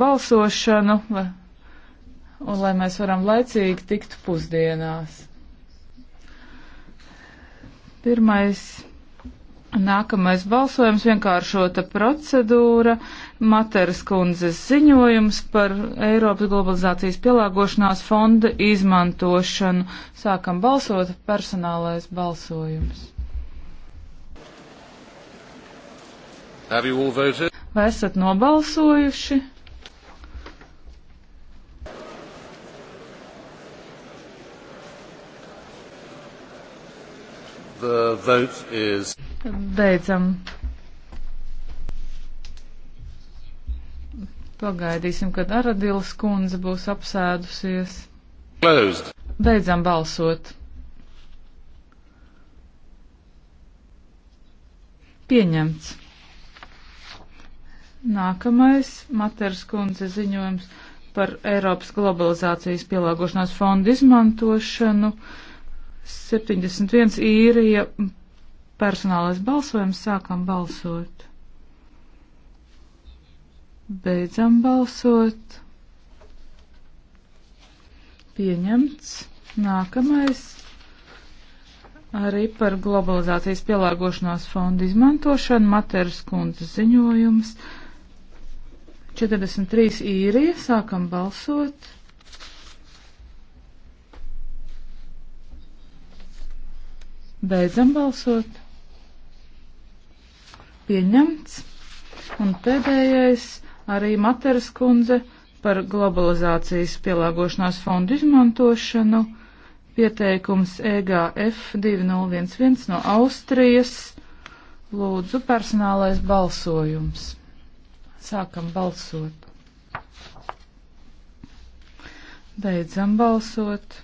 balsošanu, lai, un lai mēs varam laicīgi tikt pusdienās. Pirmais, nākamais balsojums vienkāršota procedūra, Materas kundzes ziņojums par Eiropas globalizācijas pielāgošanās fonda izmantošanu. Sākam balsot, personālais balsojums. Vai esat nobalsojuši? The vote is. Beidzam. Pagaidīsim, kad Aradils kundze būs apsēdusies. Closed. Beidzam balsot. Pieņemts. Nākamais Materas kundze ziņojums par Eiropas globalizācijas pielāgošanās fondu izmantošanu. Uh, 71 īrija personālais balsojums, sākam balsot. Beidzam balsot. Pieņemts. Nākamais. Arī par globalizācijas pielāgošanās fondu izmantošanu Materas kundzes ziņojums. 43 īrija, sākam balsot. Beidzam balsot. Pieņemts. Un pēdējais arī Materas kundze par globalizācijas pielāgošanās fondu izmantošanu. Pieteikums EGF 2011 no Austrijas. Lūdzu, personālais balsojums. Sākam balsot. Beidzam balsot.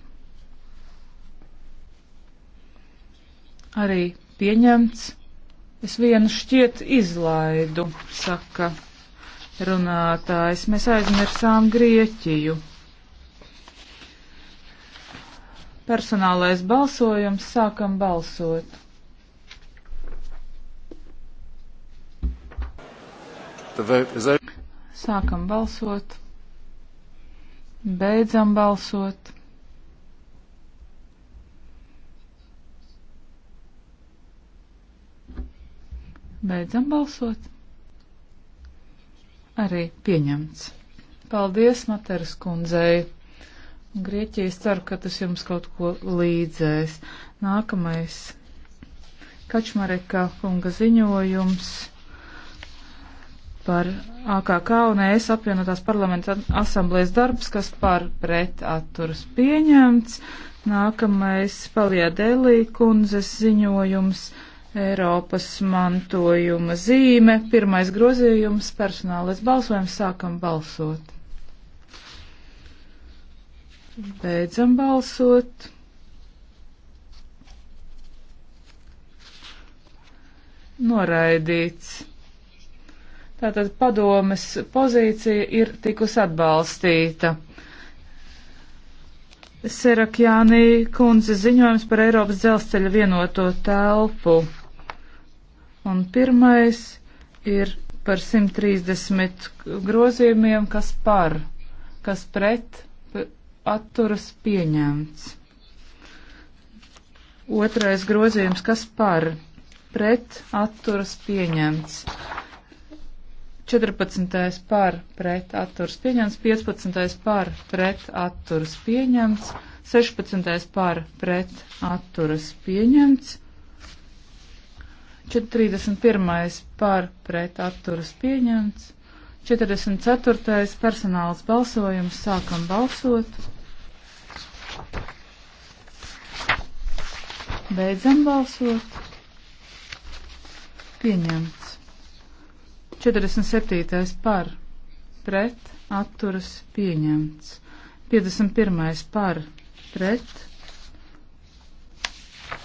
arī pieņemts. Es vienu šķiet izlaidu, saka runātājs. Mēs aizmirsām Grieķiju. Personālais balsojums sākam balsot. Sākam balsot. Beidzam balsot. Beidzam balsot. Arī pieņemts. Paldies, Materas kundzei. Grieķijas ceru, ka tas jums kaut ko līdzēs. Nākamais Kačmareka kunga ziņojums par AKK un ES apvienotās parlamenta asamblējas darbs, kas par pret atturas pieņemts. Nākamais Paljādēlī kundzes ziņojums Eiropas mantojuma zīme. Pirmais grozījums - personālais balsojums. Sākam balsot. Beidzam balsot. Noraidīts. Tātad padomes pozīcija ir tikus atbalstīta. Serakjānī kundze ziņojums par Eiropas dzelzceļa vienoto telpu. Un pirmais ir par 130 grozījumiem, kas par, kas pret atturas pieņemts. Otrais grozījums, kas par, pret atturas pieņemts. 14. par pret atturs pieņemts, 15. par pret atturs pieņemts, 16. par pret atturs pieņemts, 31. par pret atturs pieņemts, 44. personāls balsojums, sākam balsot. Beidzam balsot. Pieņemt. 47. par, pret, atturas pieņemts. 51. par, pret,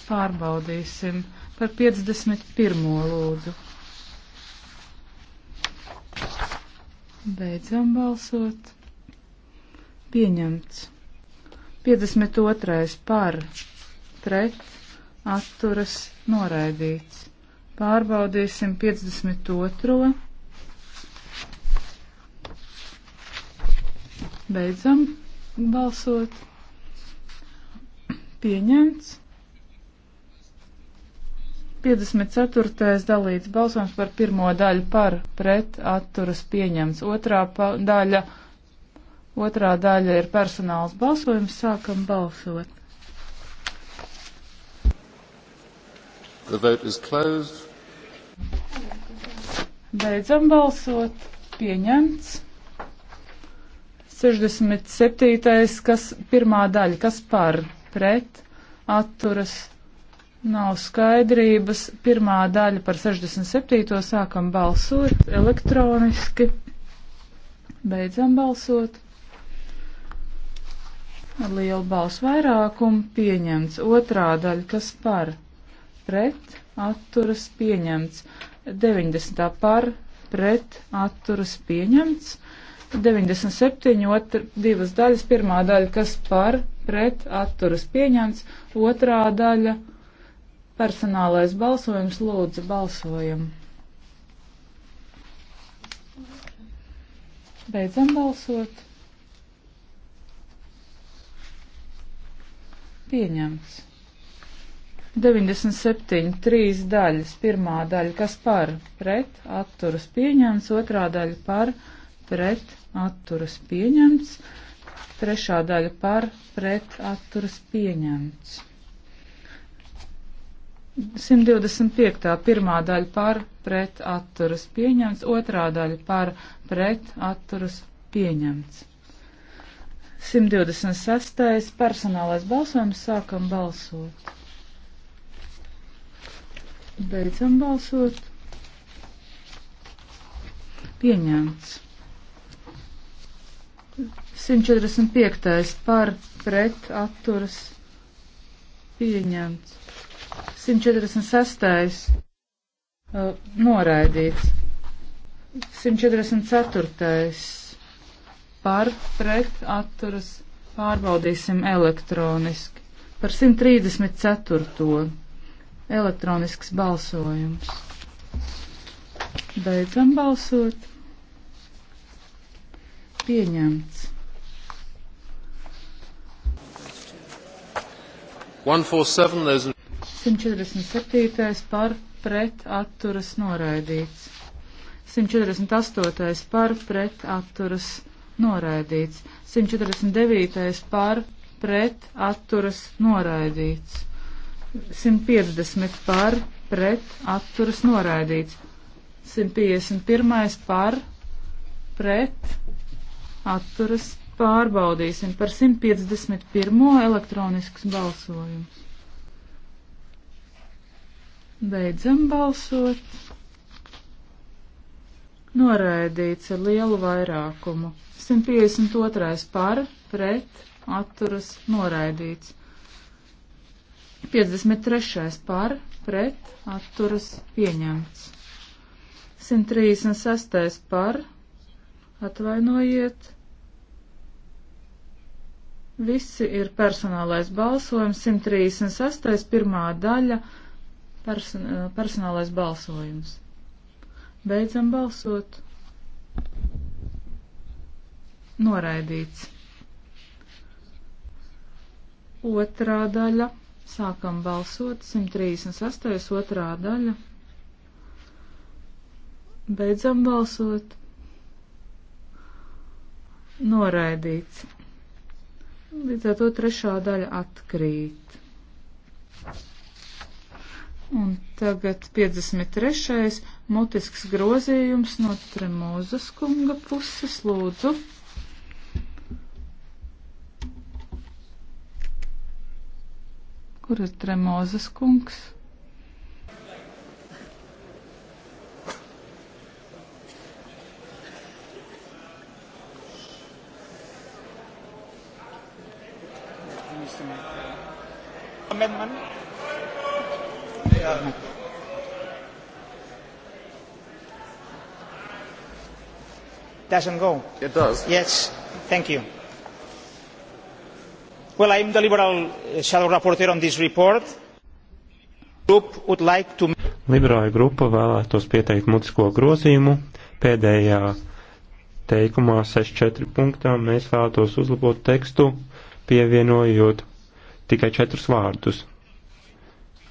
pārbaudīsim. Par 51. lūdzu. Beidzam balsot. Pieņemts. 52. par, pret, atturas noraidīts. Pārbaudīsim 52. Beidzam balsot. Pieņemts. 54. dalīts balsojums par pirmo daļu par pret atturas pieņemts. Otrā daļa, otrā daļa ir personāls balsojums. Sākam balsot. The vote is closed. Beidzam balsot. Pieņemts. 67. kas pirmā daļa, kas par, pret, atturas, nav skaidrības. Pirmā daļa par 67. sākam balsot elektroniski. Beidzam balsot. Ar lielu balsu vairākumu pieņemts. Otrā daļa, kas par, pret pret atturas pieņemts. 90. par pret atturas pieņemts. 97. Otr, divas daļas. Pirmā daļa, kas par pret atturas pieņemts. Otrā daļa personālais balsojums. Lūdzu, balsojam. Beidzam balsot. Pieņemts. 97, 3 daļas, pirmā daļa, kas par, pret, atturas pieņemts, otrā daļa par, pret, atturas pieņemts, trešā daļa par, pret, atturas pieņemts. 125. pirmā daļa par pret atturas pieņemts, otrā daļa par pret atturas pieņemts. 126. personālais balsojums sākam balsot. Beidzam balsot. Pieņemts. 145. par pret atturas pieņemts. 146. Uh, noraidīts. 144. par pret atturas pārbaudīsim elektroniski. Par 134. Elektronisks balsojums. Beidzam balsot. Pieņemts. 147. 147. par pret atturas noraidīts. 148. par pret atturas noraidīts. 149. par pret atturas noraidīts. 150 par, pret, atturas noraidīts. 151 par, pret, atturas pārbaudīsim par 151 elektronisks balsojums. Beidzam balsot. Noraidīts ar lielu vairākumu. 152 par, pret, atturas noraidīts. 53. par pret atturas pieņemts. 136. par atvainojiet. Visi ir personālais balsojums. 136. pirmā daļa person, personālais balsojums. Beidzam balsot. Noraidīts. Otrā daļa Sākam balsot 138. otrā daļa. Beidzam balsot. Noraidīts. Līdz ar to trešā daļa atkrīt. Un tagad 53. mutisks grozījums no Tremūzas kunga puses lūdzu. Kur ir Tremozes kungs? amendment? Yeah. Doesn't go. It does. Yes. Thank you well i am the liberal eh, shadow rapporteur on this report. Like to... Liberāla grupa vēlētos pieteikt mutisko grozījumu. Pēdējā teikumā 6.4. punktā mēs vēlētos uzlabot tekstu, pievienojot tikai četrus vārdus.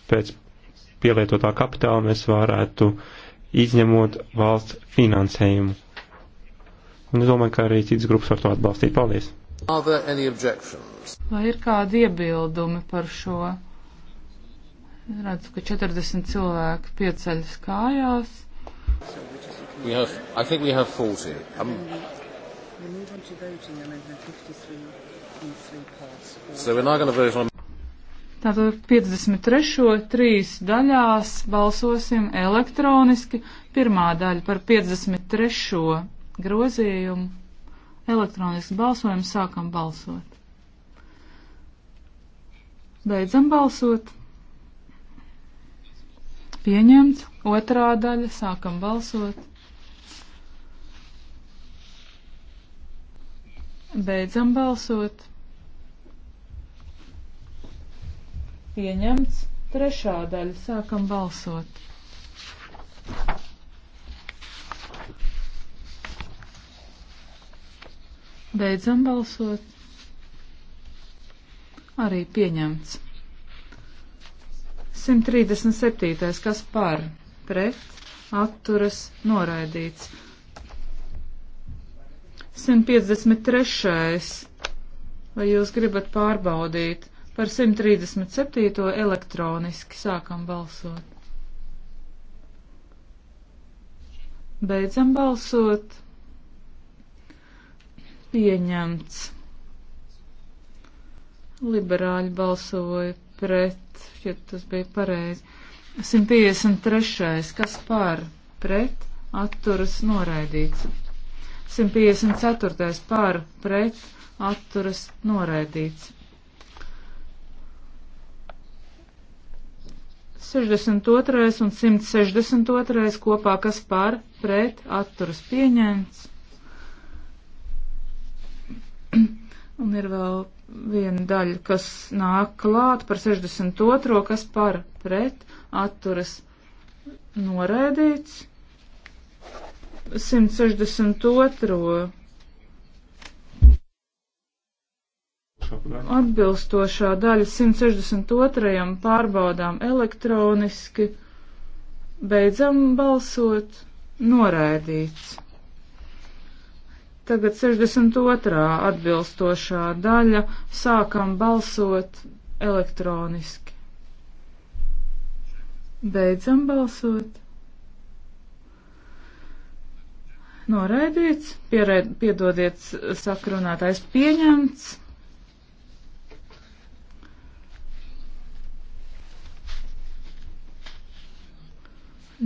Pēc pielietotā kapitāla mēs varētu izņemot valsts finansējumu. Un es domāju, ka arī citas grupas var to atbalstīt. Paldies! Vai ir kādi iebildumi par šo? Redzu, ka 40 cilvēki pieceļas kājās. We have, I think we have 40. Um, we move on to voting amendment 53 in three parts. So we're now going to vote on. Tātad 53. trīs daļās balsosim elektroniski. Pirmā daļa par 53. grozījumu. Elektronisks balsojums sākam balsot. Beidzam balsot. Pieņemts. Otrā daļa. Sākam balsot. Beidzam balsot. Pieņemts. Trešā daļa. Sākam balsot. Beidzam balsot. Arī pieņemts. 137. kas par, pret, atturas, noraidīts. 153. Vai jūs gribat pārbaudīt? Par 137. elektroniski sākam balsot. Beidzam balsot. Pieņemts. Liberāļi balsoja pret, ja tas bija pareizi. 153. Kas par? Pret. Atturas noraidīts. 154. par. Pret. Atturas noraidīts. 62. un 162. kopā kas par pret atturas pieņemts. Un ir vēl viena daļa, kas nāk klāt par 62. kas par pret atturas norēdīts. 162. Atbilstošā daļa 162. pārbaudām elektroniski, beidzam balsot, norēdīts. Tagad 62. atbilstošā daļa. Sākam balsot elektroniski. Beidzam balsot. Noraidīts, piered, piedodiet, sakrunātais pieņemts.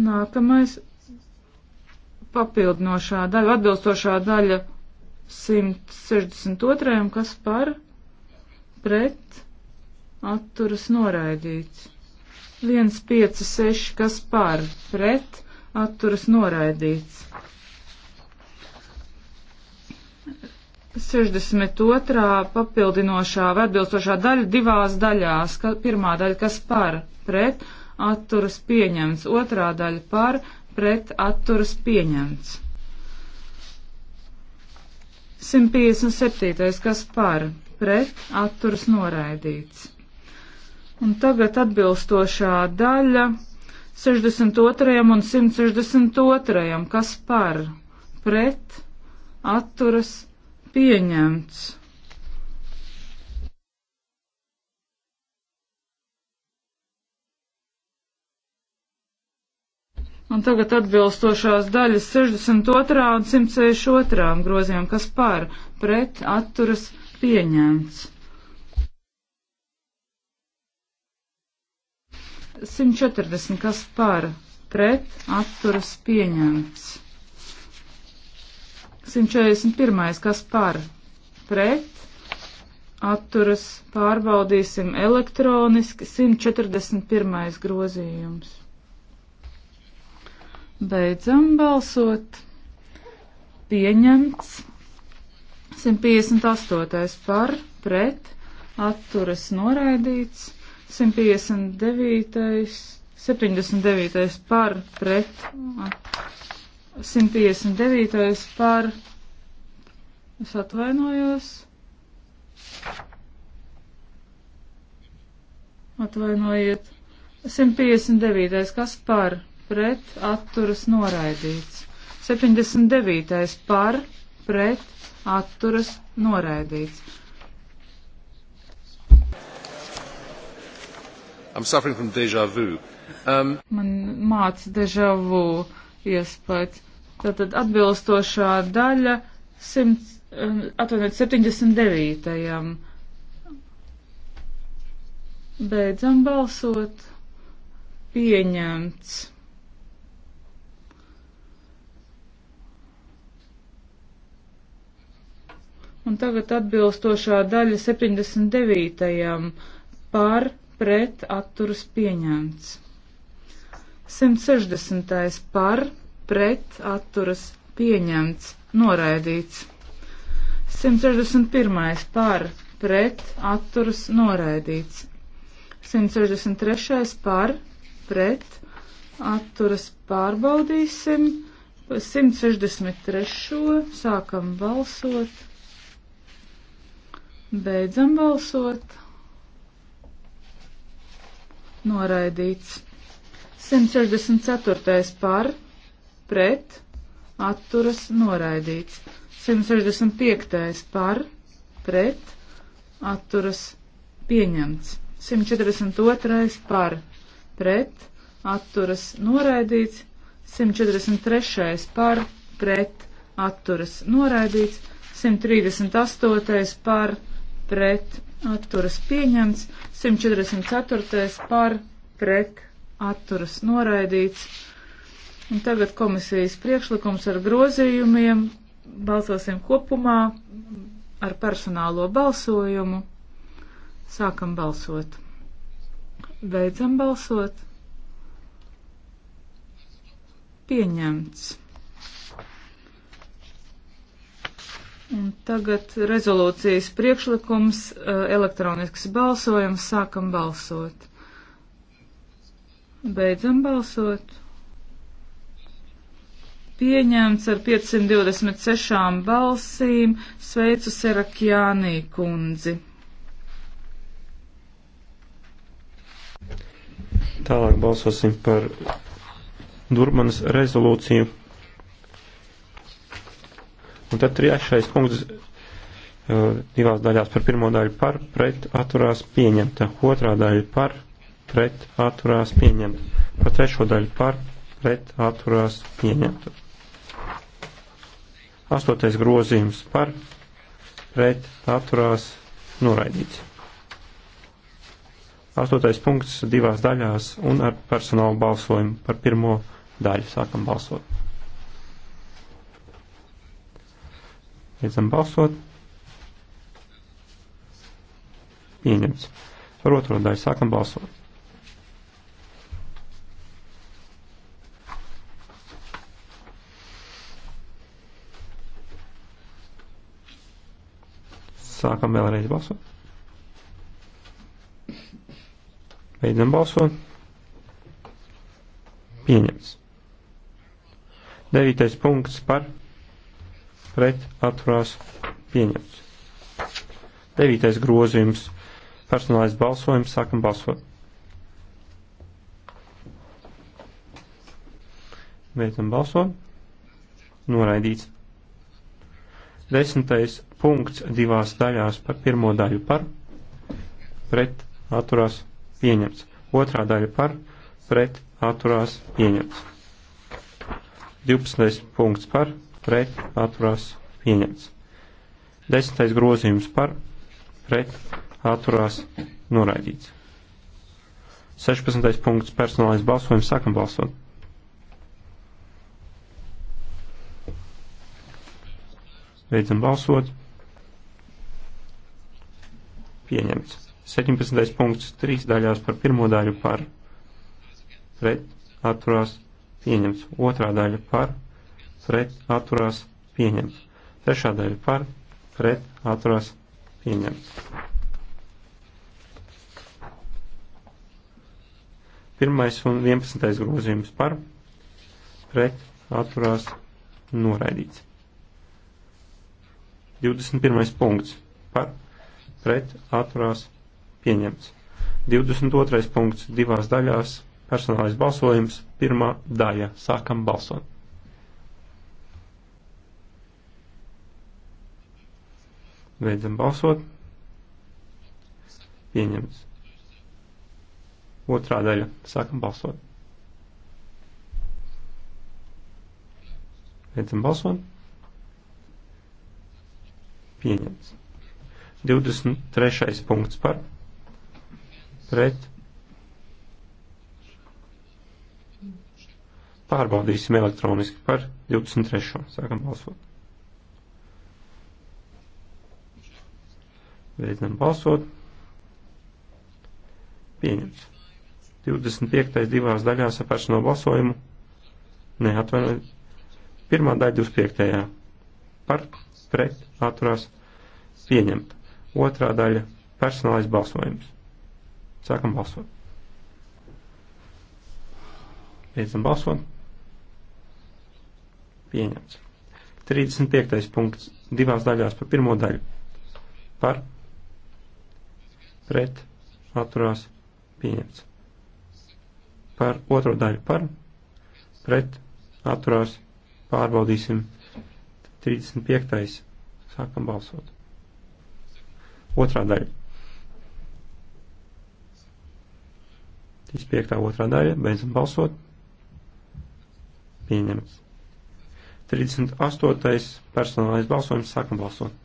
Nākamais papildinošā daļa, atbilstošā daļa 162, kas par pret atturas noraidīts. 1, 5, 6, kas par pret atturas noraidīts. 62. papildinošā vai atbilstošā daļa divās daļās. Ka, pirmā daļa, kas par pret atturas pieņemts, otrā daļa par pret atturas pieņemts. 157. kas par pret atturas noraidīts. Un tagad atbilstošā daļa 62. un 162. kas par pret atturas pieņemts. Un tagad atbilstošās daļas 62. un 162. grozījām, kas par pret atturas pieņemts. 140, kas par pret atturas pieņemts. 141, kas par pret atturas pārbaudīsim elektroniski. 141 grozījums. Beidzam balsot. Pieņemts. 158. par, pret, atturas noraidīts. 159. 79. par, pret, 159. par, es atvainojos. Atvainojiet. 159. kas par? pret atturas noraidīts. 79. par pret atturas noraidīts. Um, Man māca deja vu iespējas. Tātad atbilstošā daļa 100, um, atvainojiet, 79. Beidzam balsot. Pieņemts. Un tagad atbilstošā daļa 79. par pret atturas pieņemts. 160. par pret atturas pieņemts, noraidīts. 161. par pret atturas noraidīts. 163. par pret atturas pārbaudīsim. 163. sākam balsot. Beidzam balsot. Noraidīts. 164. par, pret, atturas, noraidīts. 165. par, pret, atturas, pieņemts. 142. par, pret, atturas, noraidīts. 143. par, pret, atturas, noraidīts. 138. par, pret pret atturas pieņemts, 144. par pret atturas noraidīts. Un tagad komisijas priekšlikums ar grozījumiem. Balsosim kopumā ar personālo balsojumu. Sākam balsot. Beidzam balsot. Pieņemts. Un tagad rezolūcijas priekšlikums, eh, elektronisks balsojums, sākam balsot. Beidzam balsot. Pieņemts ar 526 balsīm. Sveicu Serakjānī kundzi. Tālāk balsosim par Durmanas rezolūciju Un tad trešais punkts uh, divās daļās par pirmo daļu par, pret, atturās, pieņemta. Otrā daļa par, pret, atturās, pieņemta. Par trešo daļu par, pret, atturās, pieņemta. Astotais grozījums par, pret, atturās, noraidīts. Astotais punkts divās daļās un ar personālu balsojumu par pirmo daļu sākam balsot. Beidzam balsot. Pieņemts. Par otro daļu sākam balsot. Sākam vēlreiz balsot. Beidzam balsot. Pieņems. Devītais punkts par pret atturās pieņemts. Devītais grozījums. Personālais balsojums. Sākam balsot. Beidzam balsot. Noraidīts. Desmitais punkts divās daļās par pirmo daļu par, pret atturās pieņemts. Otrā daļa par, pret atturās pieņemts. 12. punkts par, pret, atturās, pieņemts. Desmitais grozījums par, pret, atturās, noraidīts. 16. punkts personālais balsojums, sākam balsot. Beidzam balsot. Pieņemts. 17. punkts, trīs daļās par pirmo daļu par, pret, atturās, pieņemts. Otrā daļa par, pret atturās pieņemts. Trešā daļa par pret atturās pieņemts. Pirmais un vienpadsmitais grozījums par pret atturās noraidīts. 21. punkts par pret atturās pieņemts. 22. punkts divās daļās personālais balsojums, pirmā daļa. Sākam balsot. Beidzam balsot. Pieņemts. Otrā daļa. Sākam balsot. Beidzam balsot. Pieņemts. 23. punkts par pret. Pārbaudīsim elektroniski par 23. Sākam balsot. Beidzam balsot. Pieņemts. 25. divās daļās apakš no balsojumu. Nē, atvainojiet. Pirmā daļa 25. Par, pret, atturās, pieņemt. Otrā daļa - personālais balsojums. Sākam balsot. Beidzam balsot. Pieņemts. 35. punkts divās daļās par pirmo daļu. Par, pret atturās pieņemts. Par otro daļu par pret atturās pārbaudīsim 35. Sākam balsot. Otrā daļa. 35. otrā daļa. Beidzam balsot. Pieņemts. 38. personālais balsojums. Sākam balsot.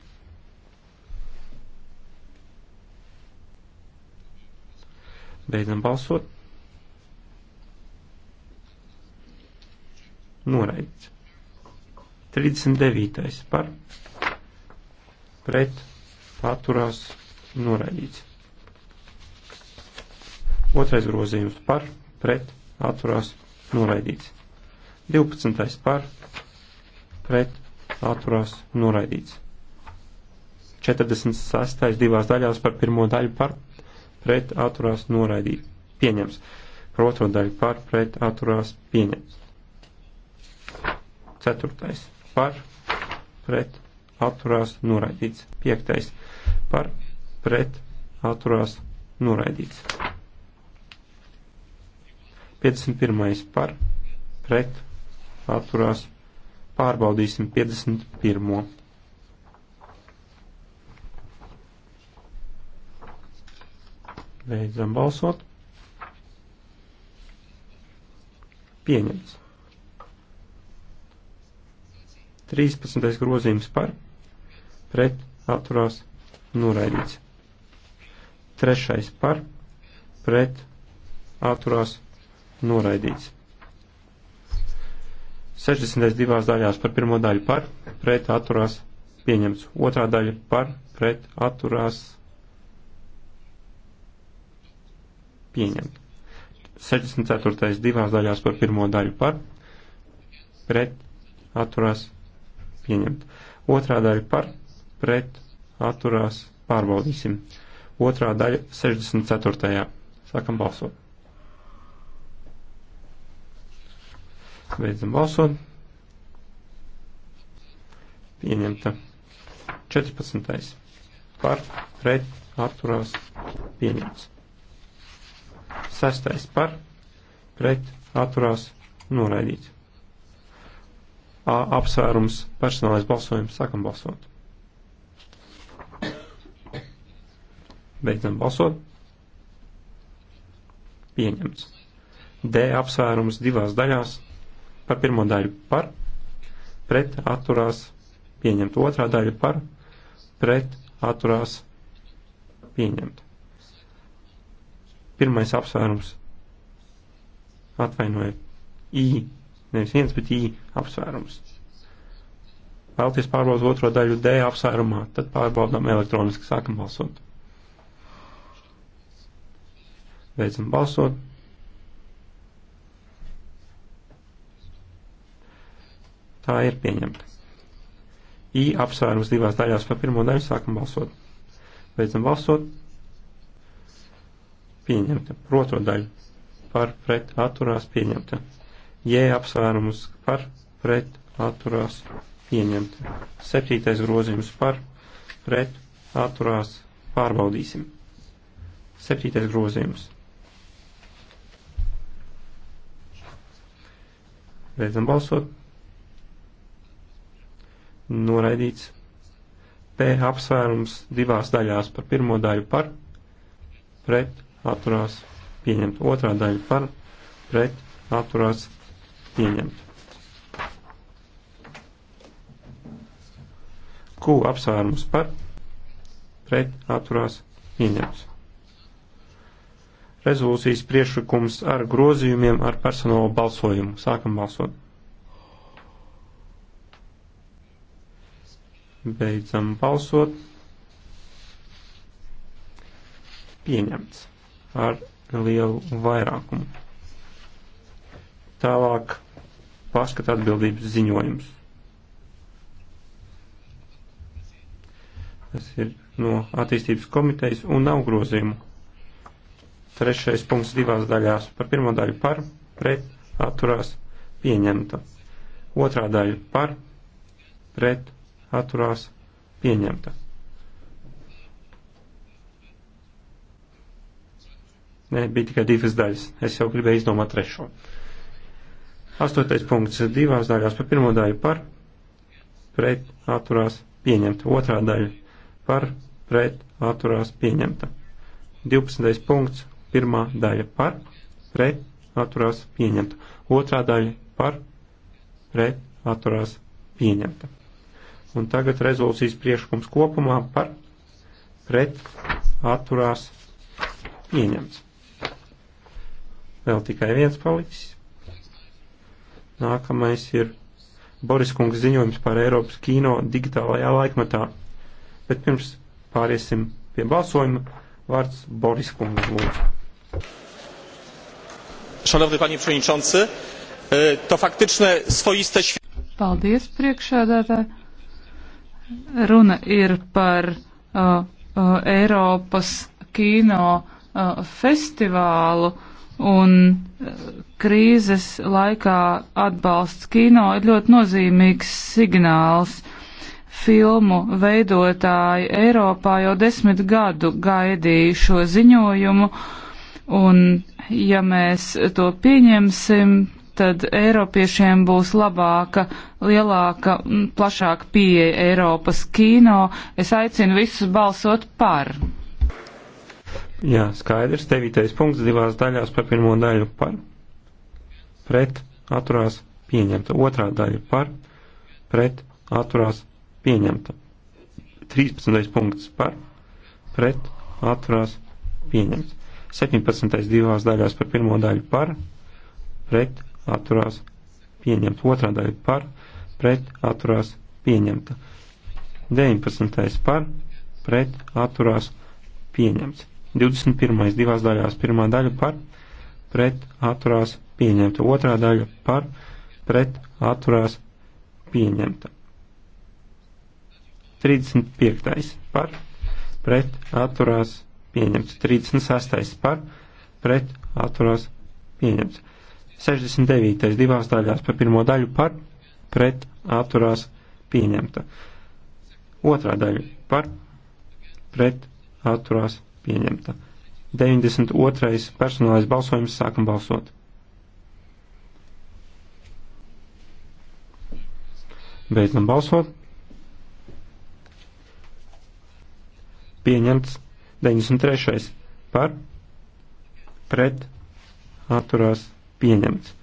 Beidzam balsot. Noraidīts. 39. par pret atturās noraidīts. Otrais grozījums par pret atturās noraidīts. 12. par pret atturās noraidīts. 46. divās daļās par pirmo daļu par pret atturās noraidīt pieņems. Par otro daļu par pret atturās pieņems. Ceturtais par pret atturās noraidīts. Piektais par pret atturās noraidīts. 51. par pret atturās pārbaudīsim 51. Beidzam balsot. Pieņemts. 13. grozījums par pret atturās noraidīts. Trešais par pret atturās noraidīts. 62. daļās par pirmo daļu par pret atturās pieņemts. Otrā daļa par pret atturās noraidīts pieņemt. 64. divās daļās par pirmo daļu par, pret, atturās, pieņemt. Otrā daļa par, pret, atturās, pārbaudīsim. Otrā daļa 64. Sākam balsot. Beidzam balsot. Pieņemta. 14. par, pret, atturās, pieņemts. Sastais par pret atturās noraidīts. A apsvērums personālais balsojums. Sākam balsot. Beidzam balsot. Pieņemts. D apsvērums divās daļās. Par pirmo daļu par, pret atturās, pieņemt otrā daļa par, pret atturās, pieņemt. Pirmais apsvērums. Atvainojiet. I. Nevis viens, bet I apsvērums. Vēlties pārbaudīt otro daļu D apsvērumā, tad pārbaudām elektroniski sākam balsot. Beidzam balsot. Tā ir pieņemta. I apsvērums divās daļās par pirmo daļu sākam balsot. Beidzam balsot pieņemta. Proto daļu par pret atturās pieņemta. J apsvērums par pret atturās pieņemta. Septītais grozījums par pret atturās pārbaudīsim. Septītais grozījums. Beidzam balsot. Noraidīts. P apsvērums divās daļās par pirmo daļu par pret atturās pieņemt. Otrā daļa par pret atturās pieņemt. Q apsvērums par pret atturās pieņemts. Rezolūcijas priešlikums ar grozījumiem ar personālo balsojumu. Sākam balsot. Beidzam balsot. Pieņemts ar lielu vairākumu. Tālāk paskata atbildības ziņojums. Tas ir no attīstības komitejas un nav grozījumu. Trešais punkts divās daļās. Par pirmo daļu par, pret, atturās, pieņemta. Otrā daļa par, pret, atturās, pieņemta. Nē, bija tikai divas daļas. Es jau gribēju izdomāt trešo. Astotais punkts divās daļās. Par pirmo daļu par, pret, atturās, pieņemta. Otrā daļa par, pret, atturās, pieņemta. 12. punkts, pirmā daļa par, pret, atturās, pieņemta. Otrā daļa par, pret, atturās, pieņemta. Un tagad rezolūcijas priekšlikums kopumā par, pret, atturās, pieņemts. Vēl tikai viens palicis. Nākamais ir Boris Kungs ziņojums par Eiropas kino digitālajā laikmatā. Bet pirms pāriesim pie balsojuma, vārds Boris Kungs lūdzu. Szanowny panie przewodniczący, e, to faktyczne swoiste Paldies, priekšsēdētāji. Runa ir par uh, uh, Eiropas kino uh, festivālu. Uh, un eh, krīzes laikā atbalsts kino ir ļoti nozīmīgs signāls. Filmu veidotāji Eiropā jau desmit gadu gaidīja šo ziņojumu, un ja mēs to pieņemsim, tad Eiropiešiem būs labāka, lielāka, plašāka pieeja Eiropas kino. Es aicinu visus balsot par. Jā, skaidrs. Devītais punkts divās daļās par pirmo daļu par, pret, atturās, pieņemta. Otrā daļa par, pret, atturās, pieņemta. 13. punkts par, pret, atturās, pieņemts. 17. divās daļās par pirmo daļu par, pret, atturās, pieņemta. Otrā daļa par, pret, atturās, pieņemta. 19. par, pret, atturās, pieņemts. 21. divās daļās. Pirmā daļa par pret atturās pieņemta. Otrā daļa par pret atturās pieņemta. 35. par pret atturās pieņemts. 36. par pret atturās pieņemts. 69. divās daļās par pirmo daļu par pret atturās pieņemta. Otrā daļa par pret atturās pieņemta pieņemta. 92. personālais balsojums sākam balsot. Beidzam balsot. Pieņemts 93. par pret atturās pieņemts.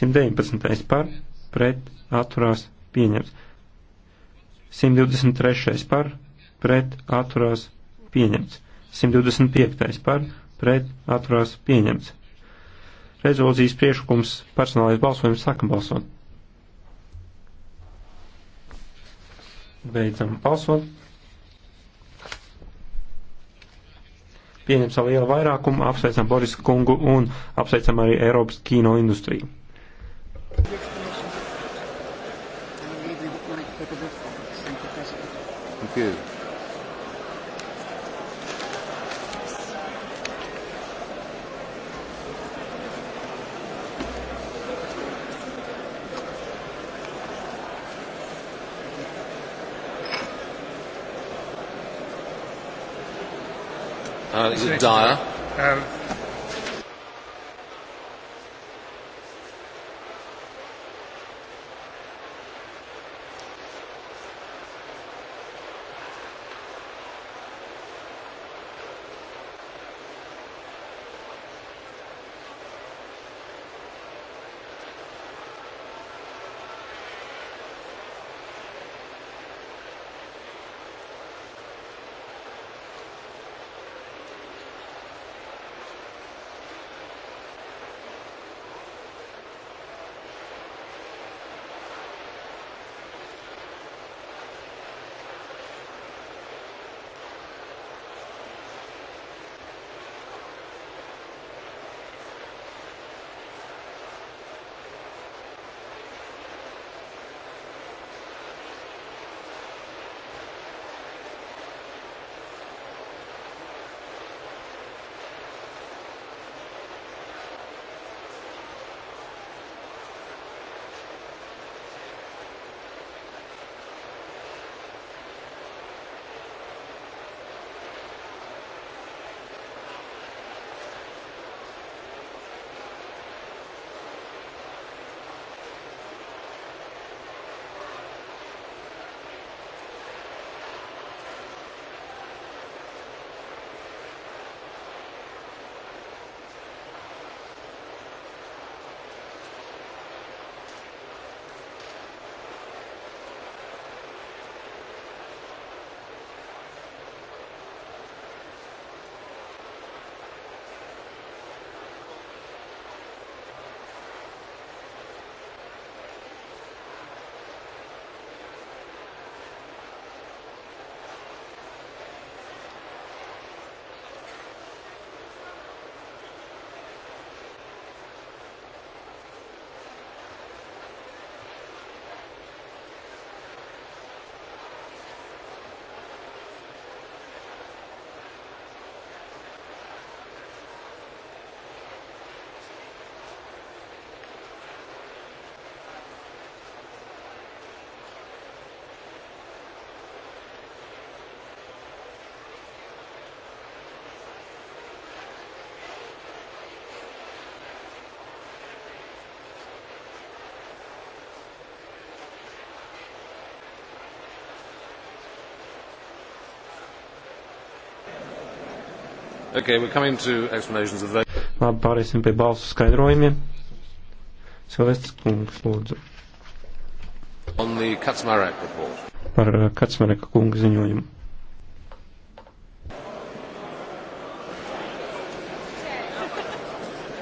119. par pret atturās pieņemts. 123. par pret atturās pieņemts. 125. par pret atturās pieņemts. Rezolūcijas priešlikums personālais balsojums sākam balsot. Beidzam balsot. Pieņems ar lielu vairākumu, apsveicam Boris Kungu un apsveicam arī Eiropas kino industriju. Thank you. Uh, is it Dyer? Um, Okay, the... Labi, pārēsim pie balsu skaidrojumiem. Silvestris kungs, lūdzu. Par eh, Kacmareka kunga ziņojumu.